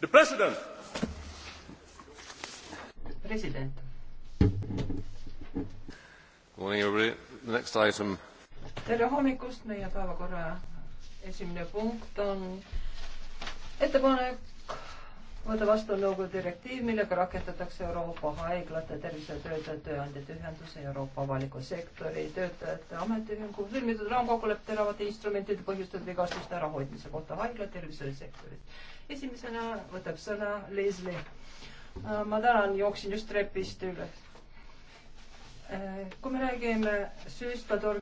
The president. president. Morning everybody. The next item. tere hommikust, meie päevakorra esimene punkt on ettepanek võtta vastu nõukogu direktiiv, millega rakendatakse Euroopa haiglate tervishoiutöötajate tööandjate ühenduse Euroopa avaliku sektori töötajate ametiühingu sõlmitud raamkokkuleppe teravate instrumentide põhjustatud vigastuste ärahoidmise kohta haigla tervishoiusektoris. esimesena võtab sõna Leslie. Äh, ma tänan, jooksin just trepist üles. Äh, kui me räägime süüstatur-.